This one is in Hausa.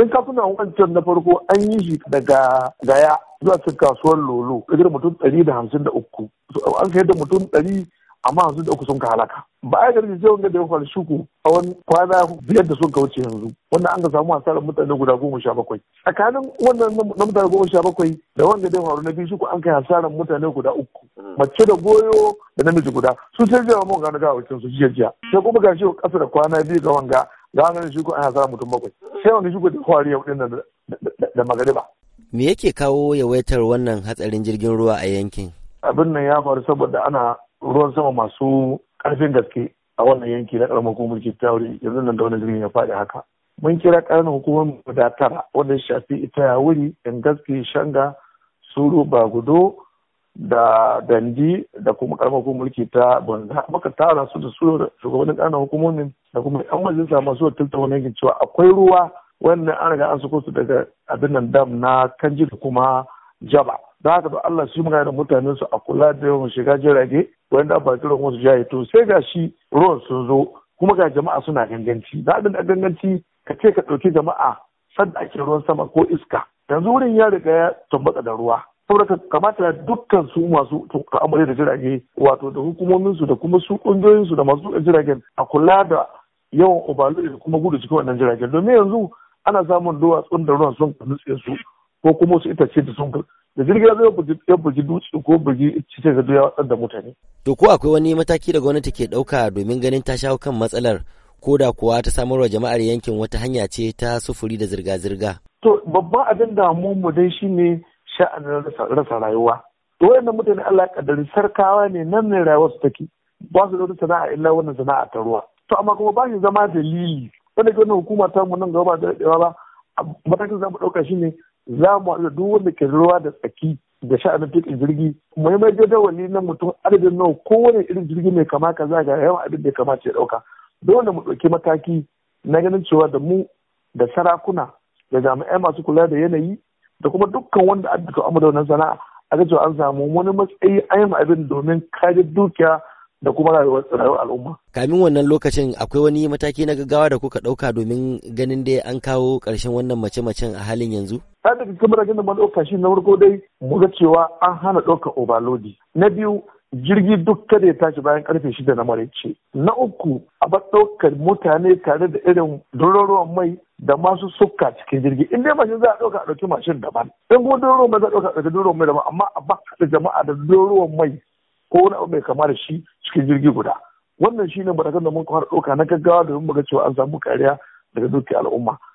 in ka suna wancan na farko an yi shi daga gaya zuwa cin kasuwar lolo da mutum ɗari da hamsin da uku an kai da mutum ɗari amma hamsin da uku sun ka halaka ba a garin sai wanga da ya faru shuku a wani kwana biyar da sun ka wuce yanzu wannan an ga samu hasarar mutane guda goma sha bakwai tsakanin wannan na mutane goma sha bakwai da wanga da ya faru na biyu shuku an kai hasarar mutane guda uku mace da goyo da namiji guda su sai jiya mun gano gawa su jiya jiya sai kuma gashi kasa da kwana biyu ga wanga ranar shi ko an hasara mutum bakwai sai wani shigo da kwari yau wadannan da magariba me yake kawo yawaitar wannan hatsarin jirgin ruwa a yankin abin nan ya faru saboda ana ruwan sama masu karfin gaske a wannan yanki na karamar hukumar ke ta wuri yanzu nan da wani jirgin ya faɗi haka mun kira ƙaramin hukumar guda tara wanda shafi ita ya wuri gaske shanga suru bagudo da dandi da kuma karamar hukumar mulki ta banza muka tara su da su shugabannin ƙananan hukumomin da kuma yan majalisa masu wakilta wani yankin cewa akwai ruwa wannan an riga an suko su daga abin nan dam na kanji da kuma jaba da haka da Allah su magana da mutanen su a kula da yawan shiga jirage wanda ba kiran wasu jaye to sai ga shi ruwan sun zo kuma ga jama'a suna ganganci da abin da ganganci ka ce ka ɗauki jama'a sadda ake ruwan sama ko iska yanzu wurin ya riga ya tambata da ruwa saboda kamata dukkan su masu ta'amari da jirage wato da hukumominsu da kuma su ƙungiyoyinsu da masu jiragen a kula da yawan obaloli da kuma gudu cikin wannan jiragen domin yanzu ana samun duwatsun da ruwan sun nutse su ko kuma su ce da sun da jirgin zai ya bugi dutse ko bugi cice da ya watsar da mutane. To ko akwai wani mataki da gwamnati ke ɗauka domin ganin ta shawo kan matsalar ko da kuwa ta samar wa jama'ar yankin wata hanya ce ta sufuri da zirga-zirga. To babban abin damuwa mu dai shine sha'anin rasa rayuwa to wayannan mutane Allah ya kaddari sarkawa ne nan ne rayuwar su take ba su da wata sana'a illa wannan sana'a ta ruwa to amma kuma ba shi zama dalili wanda ke wannan hukuma ta mu nan gaba da daɗewa ba matakin za mu ɗauka shi ne za mu haɗu duk wanda ke ruwa da tsaki da sha'anin tuƙin jirgi muhimmai jadawali na mutum adadin nawa kowane irin jirgi mai kama kaza ga yawan abin da ya kamace ɗauka dole mu ɗauki mataki na ganin cewa da mu da sarakuna da jami'ai masu kula da yanayi da kuma dukkan wanda an duka amma da wannan sana'a a ga cewa an samu wani matsayi an yi abin domin kare dukiya da kuma rayuwar al'umma. Kamin wannan lokacin akwai wani mataki na gaggawa da kuka ɗauka domin ganin dai an kawo ƙarshen wannan mace-macen a halin yanzu? Ta daga kamar da mun ɗauka shi na farko dai mu ga cewa an hana ɗaukar obalodi. Na biyu jirgi duk kada ya tashi bayan karfe shida na maraice na uku a ɗaukar mutane tare da irin dororuwan mai da masu suka cikin jirgi in dai mashin za a ɗauka a ɗauki mashin daban in kuma dororuwan mai za a ɗauka a ɗauki dororuwan mai daban amma a ba da jama'a da dororuwan mai ko wani abu mai kama da shi cikin jirgi guda wannan shine matakan da mun fara ɗauka na gaggawa domin ga cewa an samu kariya daga dukiyar al'umma